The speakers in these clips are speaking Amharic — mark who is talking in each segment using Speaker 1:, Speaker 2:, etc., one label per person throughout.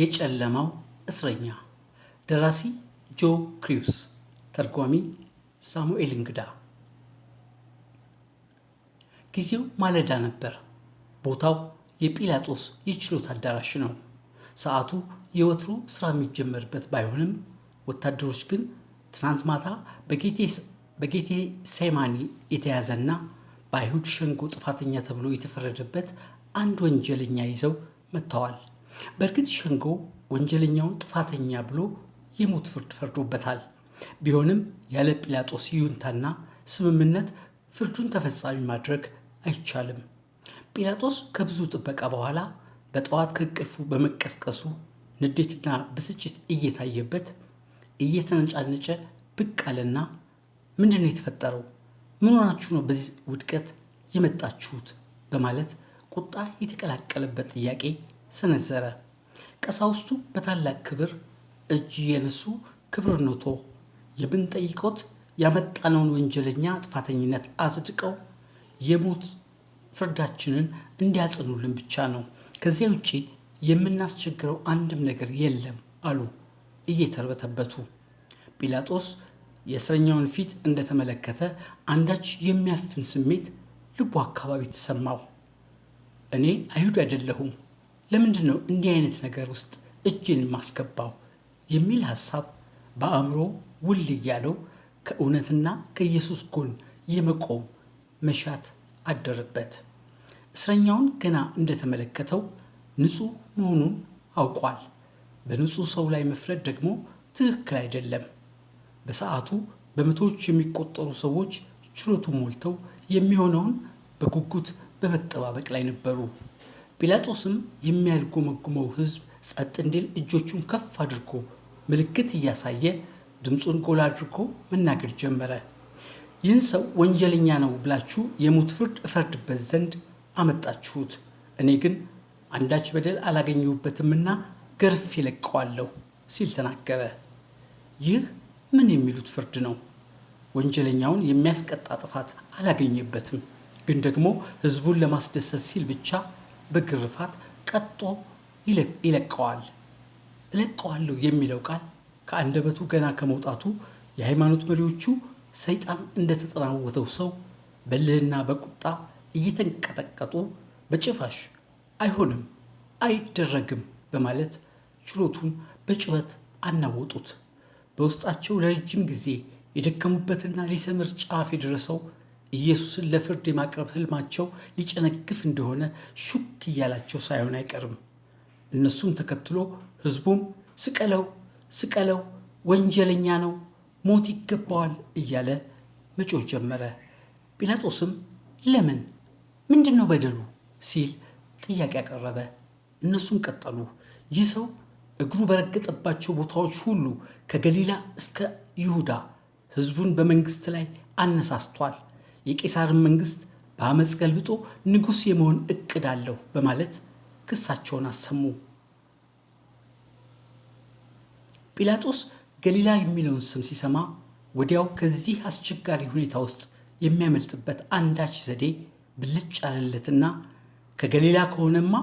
Speaker 1: የጨለማው እስረኛ ደራሲ ጆ ክሪውስ፣ ተርጓሚ ሳሙኤል እንግዳ። ጊዜው ማለዳ ነበር። ቦታው የጲላጦስ የችሎት አዳራሽ ነው። ሰዓቱ የወትሮ ስራ የሚጀመርበት ባይሆንም ወታደሮች ግን ትናንት ማታ በጌቴ ሴማኒ የተያዘና በአይሁድ ሸንጎ ጥፋተኛ ተብሎ የተፈረደበት አንድ ወንጀለኛ ይዘው መጥተዋል። በእርግጥ ሸንጎ ወንጀለኛውን ጥፋተኛ ብሎ የሞት ፍርድ ፈርዶበታል። ቢሆንም ያለ ጲላጦስ ይሁንታና ስምምነት ፍርዱን ተፈጻሚ ማድረግ አይቻልም። ጲላጦስ ከብዙ ጥበቃ በኋላ በጠዋት ከእንቅልፉ በመቀስቀሱ ንዴትና ብስጭት እየታየበት እየተነጫነጨ ብቅ አለና ምንድን ነው የተፈጠረው? ምን ሆናችሁ ነው በዚህ ውድቀት የመጣችሁት? በማለት ቁጣ የተቀላቀለበት ጥያቄ ሰነዘረ። ቀሳውስቱ በታላቅ ክብር እጅ የነሱ ክብር ኖቶ የምንጠይቆት ያመጣነውን ወንጀለኛ ጥፋተኝነት አጽድቀው የሞት ፍርዳችንን እንዲያጸኑልን ብቻ ነው። ከዚያ ውጪ የምናስቸግረው አንድም ነገር የለም አሉ እየተርበተበቱ። ጲላጦስ የእስረኛውን ፊት እንደተመለከተ አንዳች የሚያፍን ስሜት ልቡ አካባቢ ተሰማው። እኔ አይሁድ አይደለሁም ለምንድን ነው እንዲህ አይነት ነገር ውስጥ እጅን ማስገባው የሚል ሀሳብ በአእምሮ ውል እያለው ከእውነትና ከኢየሱስ ጎን የመቆም መሻት አደረበት። እስረኛውን ገና እንደተመለከተው ንጹሕ መሆኑን አውቋል። በንጹሕ ሰው ላይ መፍረድ ደግሞ ትክክል አይደለም። በሰዓቱ በመቶዎች የሚቆጠሩ ሰዎች ችሎቱ ሞልተው የሚሆነውን በጉጉት በመጠባበቅ ላይ ነበሩ። ጲላጦስም የሚያልጎመጉመው ሕዝብ ጸጥ እንዲል እጆቹን ከፍ አድርጎ ምልክት እያሳየ ድምፁን ጎላ አድርጎ መናገር ጀመረ። ይህን ሰው ወንጀለኛ ነው ብላችሁ የሞት ፍርድ እፈርድበት ዘንድ አመጣችሁት፣ እኔ ግን አንዳች በደል አላገኘሁበትምና ገርፍ ለቀዋለሁ ሲል ተናገረ። ይህ ምን የሚሉት ፍርድ ነው? ወንጀለኛውን የሚያስቀጣ ጥፋት አላገኘበትም፣ ግን ደግሞ ህዝቡን ለማስደሰት ሲል ብቻ በግርፋት ቀጦ ይለቀዋል። እለቀዋለሁ የሚለው ቃል ከአንደበቱ ገና ከመውጣቱ የሃይማኖት መሪዎቹ ሰይጣን እንደተጠናወተው ሰው በልህና በቁጣ እየተንቀጠቀጡ በጭራሽ አይሆንም፣ አይደረግም በማለት ችሎቱን በጩኸት አናወጡት። በውስጣቸው ለረጅም ጊዜ የደከሙበትና ሊሰምር ጫፍ የደረሰው ኢየሱስን ለፍርድ የማቅረብ ህልማቸው ሊጨነግፍ እንደሆነ ሹክ እያላቸው ሳይሆን አይቀርም። እነሱም ተከትሎ ህዝቡም ስቀለው፣ ስቀለው፣ ወንጀለኛ ነው፣ ሞት ይገባዋል እያለ መጮህ ጀመረ። ጲላጦስም ለምን ምንድን ነው በደሉ ሲል ጥያቄ አቀረበ። እነሱም ቀጠሉ። ይህ ሰው እግሩ በረገጠባቸው ቦታዎች ሁሉ ከገሊላ እስከ ይሁዳ ህዝቡን በመንግስት ላይ አነሳስቷል የቄሳርን መንግስት በአመፅ ገልብጦ ንጉሥ የመሆን እቅድ አለው በማለት ክሳቸውን አሰሙ። ጲላጦስ ገሊላ የሚለውን ስም ሲሰማ ወዲያው ከዚህ አስቸጋሪ ሁኔታ ውስጥ የሚያመልጥበት አንዳች ዘዴ ብልጭ አለለትና ከገሊላ ከሆነማ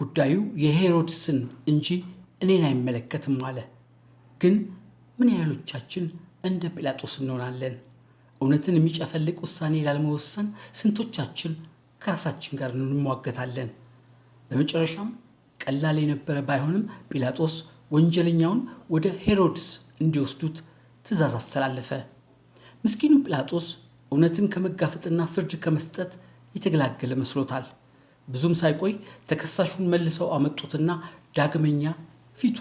Speaker 1: ጉዳዩ የሄሮድስን እንጂ እኔን አይመለከትም አለ። ግን ምን ያህሎቻችን እንደ ጲላጦስ እንሆናለን? እውነትን የሚጨፈልቅ ውሳኔ ላለመወሰን ስንቶቻችን ከራሳችን ጋር እንሟገታለን? በመጨረሻም ቀላል የነበረ ባይሆንም ጲላጦስ ወንጀለኛውን ወደ ሄሮድስ እንዲወስዱት ትእዛዝ አስተላለፈ። ምስኪኑ ጲላጦስ እውነትን ከመጋፈጥና ፍርድ ከመስጠት የተገላገለ መስሎታል። ብዙም ሳይቆይ ተከሳሹን መልሰው አመጡትና ዳግመኛ ፊቱ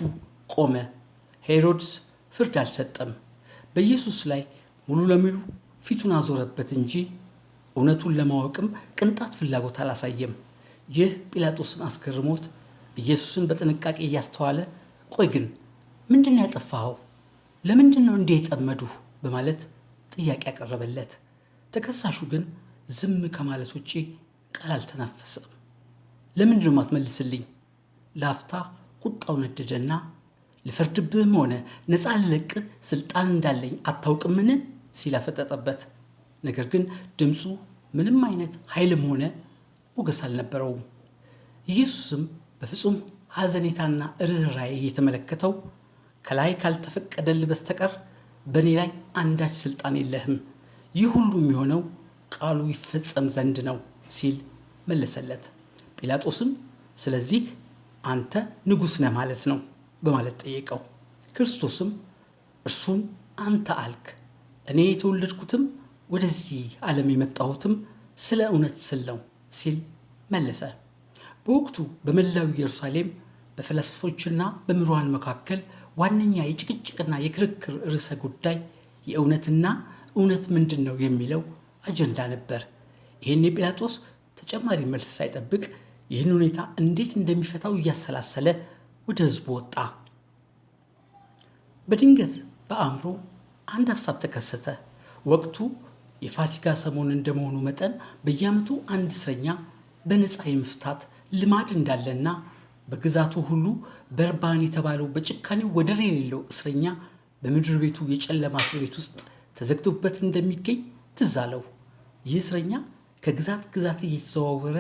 Speaker 1: ቆመ። ሄሮድስ ፍርድ አልሰጠም። በኢየሱስ ላይ ሙሉ ለሙሉ ፊቱን አዞረበት እንጂ እውነቱን ለማወቅም ቅንጣት ፍላጎት አላሳየም። ይህ ጲላጦስን አስገርሞት ኢየሱስን በጥንቃቄ እያስተዋለ ቆይ ግን ምንድን ነው ያጠፋኸው? ለምንድን ነው እንዲህ የጠመዱህ? በማለት ጥያቄ ያቀረበለት። ተከሳሹ ግን ዝም ከማለት ውጪ ቃል አልተናፈሰም። ለምንድን ነው ማትመልስልኝ? ላፍታ ቁጣው ነደደና ልፈርድብህም ሆነ ነፃ ልለቅህ ስልጣን እንዳለኝ አታውቅምን? ሲላፈጠጠበት፣ ነገር ግን ድምፁ ምንም አይነት ኃይልም ሆነ ሞገስ አልነበረውም። ኢየሱስም በፍጹም ሐዘኔታና ርኅራኄ እየተመለከተው ከላይ ካልተፈቀደል በስተቀር በእኔ ላይ አንዳች ሥልጣን የለህም፣ ይህ ሁሉ የሚሆነው ቃሉ ይፈጸም ዘንድ ነው ሲል መለሰለት። ጲላጦስም ስለዚህ አንተ ንጉሥ ነህ ማለት ነው በማለት ጠየቀው። ክርስቶስም እርሱም አንተ አልክ እኔ የተወለድኩትም ወደዚህ ዓለም የመጣሁትም ስለ እውነት ስል ነው ሲል መለሰ። በወቅቱ በመላው ኢየሩሳሌም በፈላስፎችና በምሩሃን መካከል ዋነኛ የጭቅጭቅና የክርክር ርዕሰ ጉዳይ የእውነትና እውነት ምንድን ነው የሚለው አጀንዳ ነበር። ይህን የጲላጦስ ተጨማሪ መልስ ሳይጠብቅ ይህን ሁኔታ እንዴት እንደሚፈታው እያሰላሰለ ወደ ህዝቡ ወጣ። በድንገት በአእምሮ አንድ ሀሳብ ተከሰተ። ወቅቱ የፋሲካ ሰሞን እንደመሆኑ መጠን በየዓመቱ አንድ እስረኛ በነፃ የመፍታት ልማድ እንዳለና በግዛቱ ሁሉ በርባን የተባለው በጭካኔው ወደር የሌለው እስረኛ በምድር ቤቱ የጨለማ እስር ቤት ውስጥ ተዘግቶበት እንደሚገኝ ትዝ አለው። ይህ እስረኛ ከግዛት ግዛት እየተዘዋወረ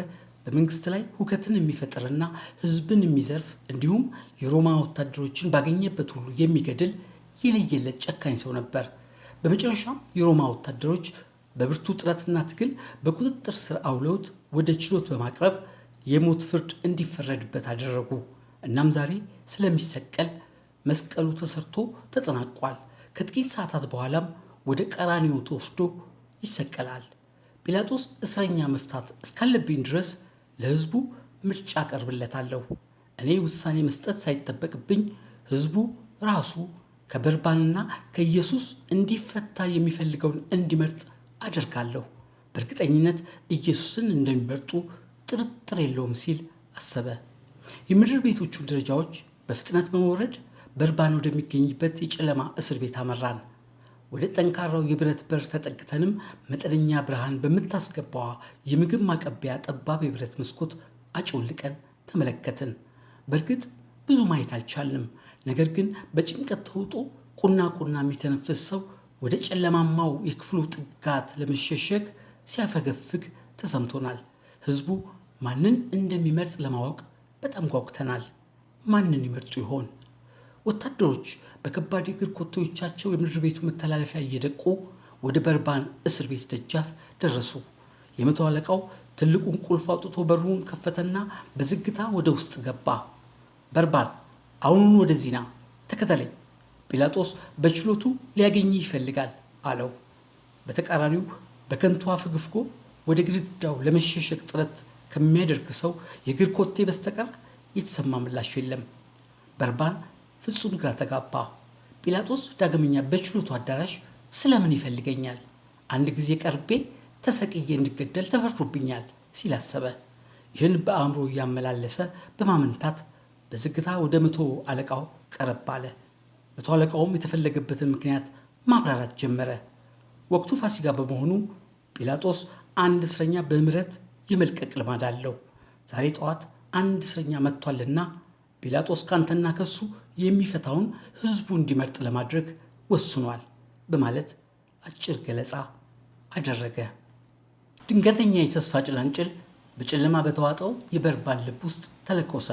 Speaker 1: በመንግስት ላይ ሁከትን የሚፈጥርና ሕዝብን የሚዘርፍ እንዲሁም የሮማ ወታደሮችን ባገኘበት ሁሉ የሚገድል የለየለት ጨካኝ ሰው ነበር። በመጨረሻም የሮማ ወታደሮች በብርቱ ጥረትና ትግል በቁጥጥር ስር አውለውት ወደ ችሎት በማቅረብ የሞት ፍርድ እንዲፈረድበት አደረጉ። እናም ዛሬ ስለሚሰቀል መስቀሉ ተሰርቶ ተጠናቋል። ከጥቂት ሰዓታት በኋላም ወደ ቀራኒዮ ተወስዶ ይሰቀላል። ጲላጦስ እስረኛ መፍታት እስካለብኝ ድረስ ለሕዝቡ ምርጫ አቀርብለታለሁ። እኔ ውሳኔ መስጠት ሳይጠበቅብኝ ሕዝቡ ራሱ ከበርባንና ከኢየሱስ እንዲፈታ የሚፈልገውን እንዲመርጥ አደርጋለሁ። በእርግጠኝነት ኢየሱስን እንደሚመርጡ ጥርጥር የለውም ሲል አሰበ። የምድር ቤቶቹን ደረጃዎች በፍጥነት በመውረድ በርባን ወደሚገኝበት የጨለማ እስር ቤት አመራን። ወደ ጠንካራው የብረት በር ተጠግተንም መጠነኛ ብርሃን በምታስገባዋ የምግብ ማቀቢያ ጠባብ የብረት መስኮት አጮልቀን ተመለከትን። በእርግጥ ብዙ ማየት አልቻልንም። ነገር ግን በጭንቀት ተውጦ ቁና ቁና የሚተነፍስ ሰው ወደ ጨለማማው የክፍሉ ጥጋት ለመሸሸግ ሲያፈገፍግ ተሰምቶናል። ህዝቡ ማንን እንደሚመርጥ ለማወቅ በጣም ጓጉተናል። ማንን ይመርጡ ይሆን? ወታደሮች በከባድ የእግር ኮቴዎቻቸው የምድር ቤቱ መተላለፊያ እየደቁ ወደ በርባን እስር ቤት ደጃፍ ደረሱ። የመቶ አለቃው ትልቁን ቁልፍ አውጥቶ በሩን ከፈተና በዝግታ ወደ ውስጥ ገባ። በርባን አሁኑን ወደዚህ ና ተከተለኝ፣ ጲላጦስ በችሎቱ ሊያገኝ ይፈልጋል አለው። በተቃራኒው በከንቱ አፍግፍጎ ወደ ግድግዳው ለመሸሸግ ጥረት ከሚያደርግ ሰው የእግር ኮቴ በስተቀር የተሰማ ምላሽ የለም። በርባን ፍጹም ግራ ተጋባ። ጲላጦስ ዳግመኛ በችሎቱ አዳራሽ ስለምን ይፈልገኛል? አንድ ጊዜ ቀርቤ ተሰቅዬ እንድገደል ተፈርዶብኛል ሲል አሰበ። ይህን በአእምሮ እያመላለሰ በማመንታት በዝግታ ወደ መቶ አለቃው ቀረብ አለ። መቶ አለቃውም የተፈለገበትን ምክንያት ማብራራት ጀመረ። ወቅቱ ፋሲጋ በመሆኑ ጲላጦስ አንድ እስረኛ በምረት የመልቀቅ ልማድ አለው። ዛሬ ጠዋት አንድ እስረኛ መጥቷልና ጲላጦስ ካንተና ከሱ የሚፈታውን ሕዝቡ እንዲመርጥ ለማድረግ ወስኗል በማለት አጭር ገለጻ አደረገ። ድንገተኛ የተስፋ ጭላንጭል በጨለማ በተዋጠው የበርባን ልብ ውስጥ ተለኮሰ።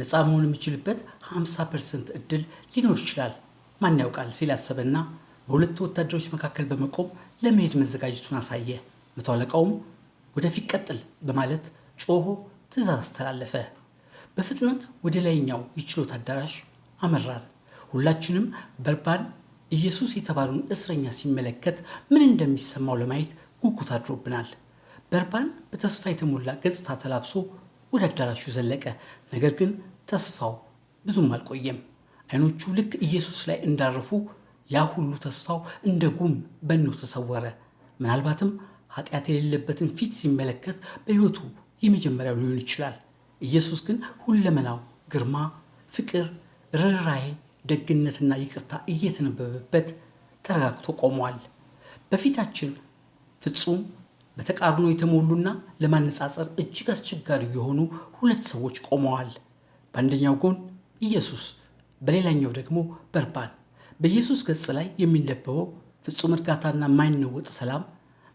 Speaker 1: ነፃ መሆን የሚችልበት 50 ፐርሰንት እድል ሊኖር ይችላል ማን ያውቃል ሲል አሰበና በሁለቱ ወታደሮች መካከል በመቆም ለመሄድ መዘጋጀቱን አሳየ። መቶ አለቃውም ወደፊት ቀጥል በማለት ጮሆ ትእዛዝ አስተላለፈ። በፍጥነት ወደ ላይኛው የችሎት አዳራሽ አመራን። ሁላችንም በርባን ኢየሱስ የተባለውን እስረኛ ሲመለከት ምን እንደሚሰማው ለማየት ጉጉት አድሮብናል። በርባን በተስፋ የተሞላ ገጽታ ተላብሶ ወደ አዳራሹ ዘለቀ። ነገር ግን ተስፋው ብዙም አልቆየም። አይኖቹ ልክ ኢየሱስ ላይ እንዳረፉ ያ ሁሉ ተስፋው እንደ ጉም በነው ተሰወረ። ምናልባትም ኃጢአት የሌለበትን ፊት ሲመለከት በሕይወቱ የመጀመሪያው ሊሆን ይችላል። ኢየሱስ ግን ሁለመናው፣ ግርማ፣ ፍቅር፣ ርኅራኄ፣ ደግነትና ይቅርታ እየተነበበበት ተረጋግቶ ቆሟል። በፊታችን ፍጹም በተቃርኖ የተሞሉና ለማነጻጸር እጅግ አስቸጋሪ የሆኑ ሁለት ሰዎች ቆመዋል። በአንደኛው ጎን ኢየሱስ፣ በሌላኛው ደግሞ በርባን። በኢየሱስ ገጽ ላይ የሚነበበው ፍጹም እርጋታና የማይነወጥ ሰላም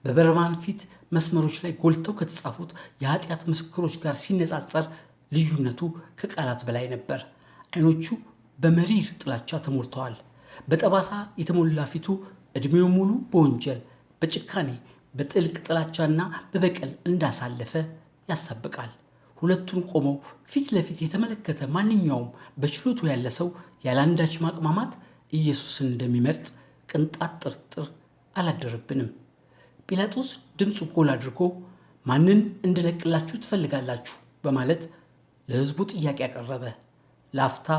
Speaker 1: በበርባን ፊት መስመሮች ላይ ጎልተው ከተጻፉት የኃጢአት ምስክሮች ጋር ሲነጻጸር ልዩነቱ ከቃላት በላይ ነበር። አይኖቹ በመሪር ጥላቻ ተሞልተዋል። በጠባሳ የተሞላ ፊቱ ዕድሜው ሙሉ በወንጀል በጭካኔ በጥልቅ ጥላቻና በበቀል እንዳሳለፈ ያሳብቃል። ሁለቱን ቆመው ፊት ለፊት የተመለከተ ማንኛውም በችሎቱ ያለ ሰው ያለአንዳች ማቅማማት ኢየሱስን እንደሚመርጥ ቅንጣት ጥርጥር አላደረብንም። ጲላጦስ ድምፁ ጎል አድርጎ ማንን እንድለቅላችሁ ትፈልጋላችሁ? በማለት ለሕዝቡ ጥያቄ ያቀረበ። ላፍታ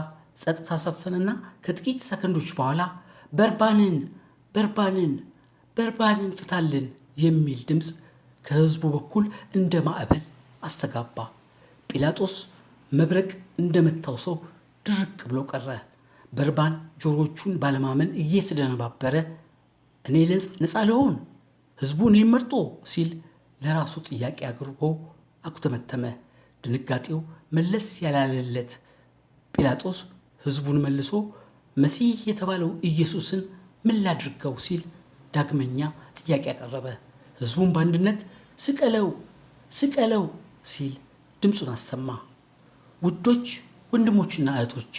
Speaker 1: ጸጥታ ሰፈንና ከጥቂት ሰከንዶች በኋላ በርባንን በርባንን በርባንን ፍታልን የሚል ድምፅ ከሕዝቡ በኩል እንደ ማዕበል አስተጋባ። ጲላጦስ መብረቅ እንደመታው ሰው ድርቅ ብሎ ቀረ። በርባን ጆሮቹን ባለማመን እየተደነባበረ እኔ ነፃ ልሆን ሕዝቡ እኔን መርጦ ሲል ለራሱ ጥያቄ አቅርቦ አኩተመተመ። ድንጋጤው መለስ ያላለለት ጲላጦስ ሕዝቡን መልሶ መሲህ የተባለው ኢየሱስን ምን ላድርገው ሲል ዳግመኛ ጥያቄ አቀረበ። ህዝቡን በአንድነት ስቀለው ስቀለው ሲል ድምፁን አሰማ። ውዶች ወንድሞችና እህቶቼ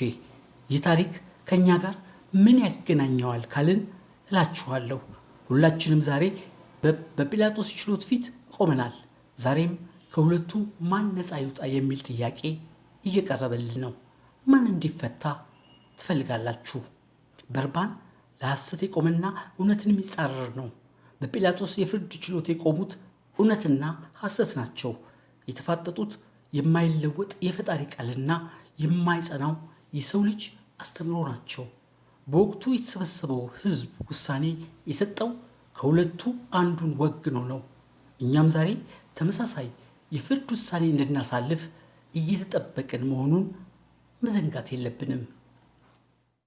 Speaker 1: ይህ ታሪክ ከእኛ ጋር ምን ያገናኘዋል ካልን እላችኋለሁ ሁላችንም ዛሬ በጲላጦስ ችሎት ፊት ቆመናል። ዛሬም ከሁለቱ ማን ነፃ ይውጣ የሚል ጥያቄ እየቀረበልን ነው። ማን እንዲፈታ ትፈልጋላችሁ? በርባን ለሐሰት የቆመና እውነትን የሚጻረር ነው። በጲላጦስ የፍርድ ችሎት የቆሙት እውነትና ሐሰት ናቸው። የተፋጠጡት የማይለወጥ የፈጣሪ ቃልና የማይጸናው የሰው ልጅ አስተምሮ ናቸው። በወቅቱ የተሰበሰበው ሕዝብ ውሳኔ የሰጠው ከሁለቱ አንዱን ወግኖ ነው። እኛም ዛሬ ተመሳሳይ የፍርድ ውሳኔ እንድናሳልፍ እየተጠበቅን መሆኑን መዘንጋት የለብንም።